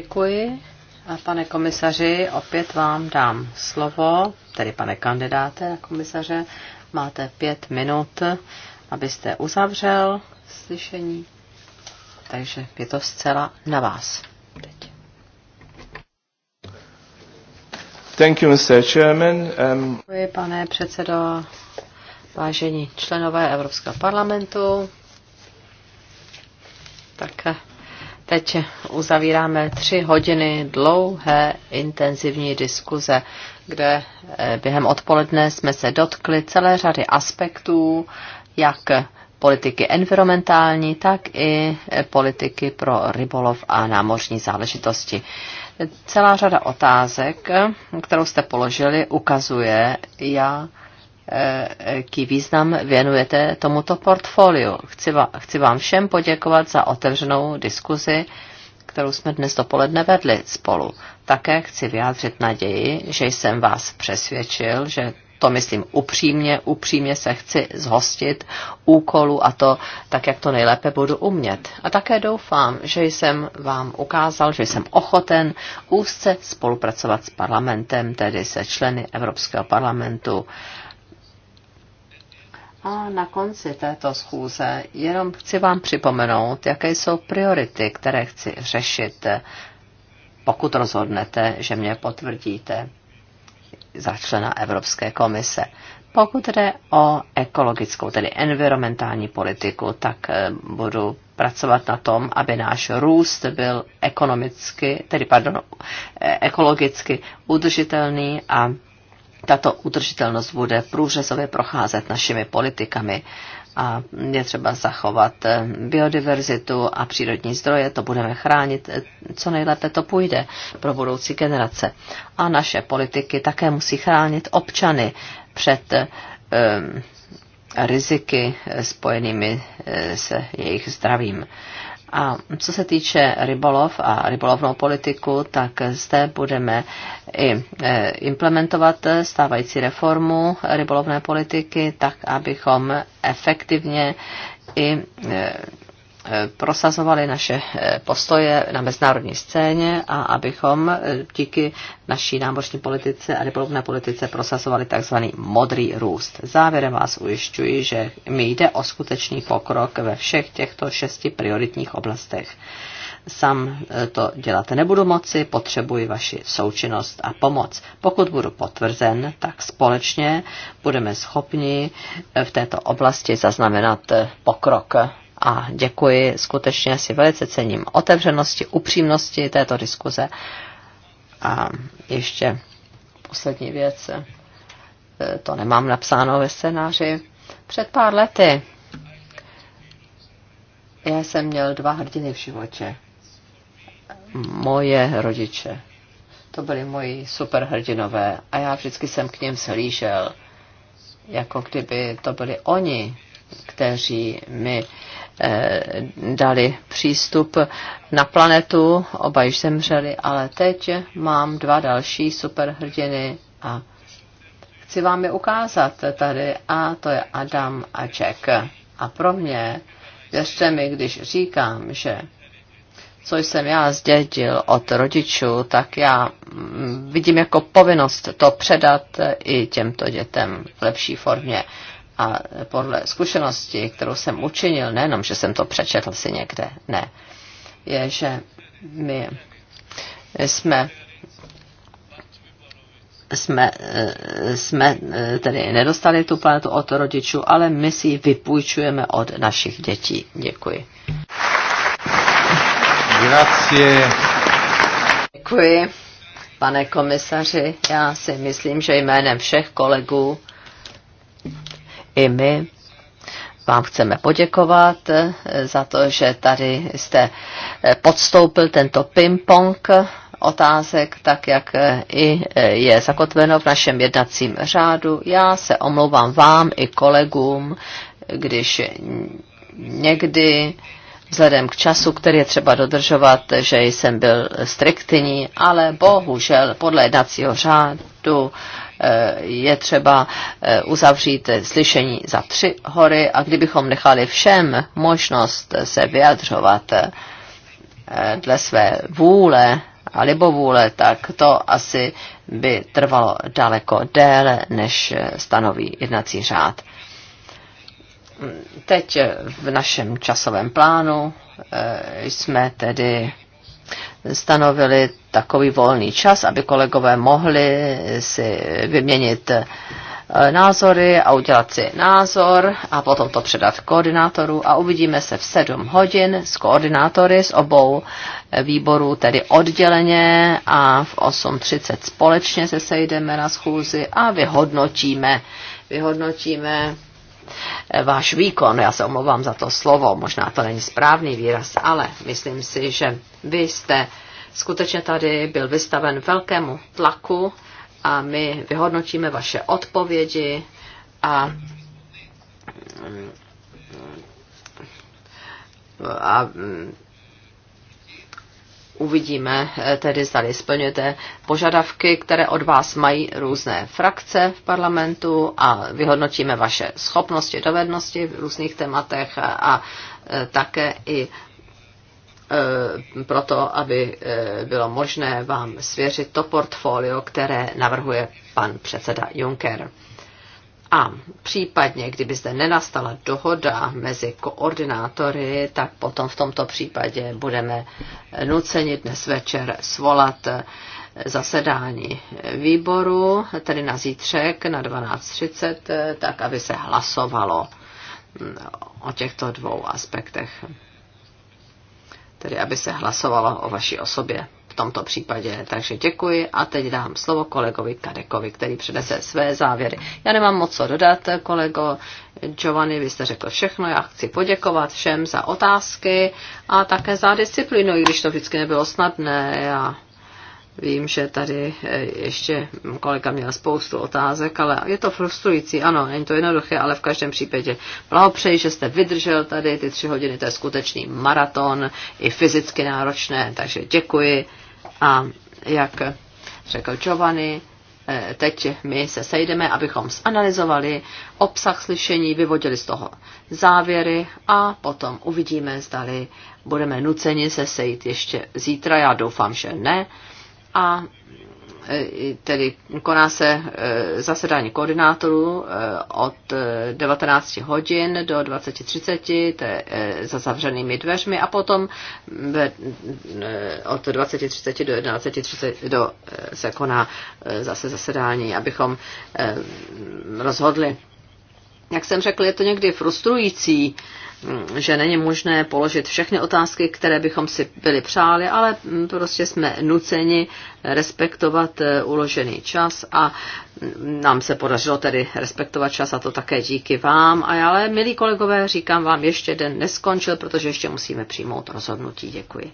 Děkuji. A pane komisaři, opět vám dám slovo, tedy pane kandidáte na komisaře. Máte pět minut, abyste uzavřel slyšení. Takže je to zcela na vás. Teď. Thank you, Mr. Chairman. Um... Děkuji, pane předsedo, vážení členové Evropského parlamentu, Teď uzavíráme tři hodiny dlouhé intenzivní diskuze, kde eh, během odpoledne jsme se dotkli celé řady aspektů, jak politiky environmentální, tak i eh, politiky pro rybolov a námořní záležitosti. Celá řada otázek, eh, kterou jste položili, ukazuje, jak jaký význam věnujete tomuto portfoliu. Chci, chci vám všem poděkovat za otevřenou diskuzi, kterou jsme dnes dopoledne vedli spolu. Také chci vyjádřit naději, že jsem vás přesvědčil, že to myslím upřímně, upřímně se chci zhostit úkolu a to tak, jak to nejlépe budu umět. A také doufám, že jsem vám ukázal, že jsem ochoten úzce spolupracovat s parlamentem, tedy se členy Evropského parlamentu a na konci této schůze jenom chci vám připomenout, jaké jsou priority, které chci řešit, pokud rozhodnete, že mě potvrdíte za člena Evropské komise. Pokud jde o ekologickou, tedy environmentální politiku, tak eh, budu pracovat na tom, aby náš růst byl ekonomicky, tedy pardon, eh, ekologicky udržitelný a tato udržitelnost bude průřezově procházet našimi politikami a je třeba zachovat eh, biodiverzitu a přírodní zdroje, to budeme chránit, eh, co nejlépe to půjde pro budoucí generace. A naše politiky také musí chránit občany před um, riziky spojenými se jejich zdravím. A co se týče rybolov a rybolovnou politiku, tak zde budeme i e, implementovat stávající reformu rybolovné politiky, tak abychom efektivně i e, Eh, prosazovali naše eh, postoje na mezinárodní scéně a abychom eh, díky naší námořní politice a republikné politice prosazovali tzv. modrý růst. Závěrem vás ujišťuji, že mi jde o skutečný pokrok ve všech těchto šesti prioritních oblastech. Sam to dělat nebudu moci, potřebuji vaši součinnost a pomoc. Pokud budu potvrzen, tak společně budeme schopni v této oblasti zaznamenat pokrok a děkuji, skutečně si velice cením otevřenosti, upřímnosti této diskuze. A ještě poslední věc, eh, to nemám napsáno ve scénáři. Před pár lety já jsem měl dva hrdiny v životě. Moje rodiče. To byli moji superhrdinové a já vždycky jsem k ním slížel, jako kdyby to byli oni, kteří mi Eh, dali přístup na planetu, oba již zemřeli, ale teď mám dva další superhrdiny a chci vám je ukázat tady a to je Adam a Jack. A pro mě, věřte mi, když říkám, že co jsem já zdědil od rodičů, tak já mm, vidím jako povinnost to předat i těmto dětem v lepší formě. A podle zkušenosti, kterou jsem učinil, nejenom, že jsem to přečetl si někde, ne, je, že my jsme jsme, jsme tedy nedostali tu planetu od rodičů, ale my si ji vypůjčujeme od našich dětí. Děkuji. Grazie. Děkuji, pane komisaři. Já si myslím, že jménem všech kolegů i my vám chceme poděkovat eh, za to, že tady jste eh, podstoupil tento ping-pong otázek, tak jak eh, i je zakotveno v našem jednacím řádu. Já se omlouvám vám i kolegům, když někdy vzhledem k času, který je třeba dodržovat, že jsem byl striktní, ale bohužel podle jednacího řádu Eh, je třeba eh, uzavřít slyšení za tři hory a kdybychom nechali všem možnost se vyjadřovat eh, dle své vůle a libovůle, tak to asi by trvalo daleko déle, než stanoví jednací řád. Teď v našem časovém plánu jsme tedy stanovili takový volný čas, aby kolegové mohli si vyměnit eh, názory a udělat si názor a potom to předat koordinátoru a uvidíme se v 7 hodin s koordinátory z obou výborů, tedy odděleně a v 8.30 společně se sejdeme na schůzi a vyhodnotíme, vyhodnotíme váš výkon. Já se omlouvám za to slovo, možná to není správný výraz, ale myslím si, že vy jste skutečně tady byl vystaven velkému tlaku a my vyhodnotíme vaše odpovědi a a uvidíme eh, tedy, zdali splňujete požadavky, které od vás mají různé frakce v parlamentu a vyhodnotíme vaše schopnosti, dovednosti v různých tématech a eh, také i eh, proto, aby bylo možné vám svěřit to portfolio, které navrhuje pan předseda Juncker. A případně, kdyby zde nenastala dohoda mezi koordinátory, tak potom v tomto případě budeme nuceni dnes večer svolat eh, zasedání výboru, tedy na zítřek na 12.30, eh, tak aby se hlasovalo mm, o těchto dvou aspektech. Tedy aby se hlasovalo o vaší osobě tomto případě. Takže děkuji a teď dám slovo kolegovi Karekovi, který přinese své závěry. Já nemám moc co dodat, kolego Giovanni, vy jste řekl všechno. Já chci poděkovat všem za otázky a také za disciplínu, i když to vždycky nebylo snadné. Já Vím, že tady eh, ještě kolega měl spoustu otázek, ale je to frustrující, ano, není to jednoduché, ale v každém případě blahopřeji, že jste vydržel tady ty tři hodiny, to je skutečný maraton, i fyzicky náročné, takže děkuji. A jak řekl Giovanni, eh, teď my se sejdeme, abychom zanalizovali obsah slyšení, vyvodili z toho závěry a potom uvidíme, zdali budeme nuceni se sejít ještě zítra, já doufám, že ne. A tedy koná se eh, zasedání koordinátorů eh, od 19 eh, hodin do 20.30, to je za zavřenými dveřmi, a potom od 20.30 do 11.30 do, se koná zase zasedání, abychom rozhodli jak jsem řekl, je to někdy frustrující, mm, že není možné položit všechny otázky, které bychom si byli přáli, ale mm, prostě jsme nuceni respektovat e, uložený čas a mm, nám se podařilo tedy respektovat čas a to také díky vám. A ale, milí kolegové, říkám vám, ještě den neskončil, protože ještě musíme přijmout rozhodnutí. Děkuji.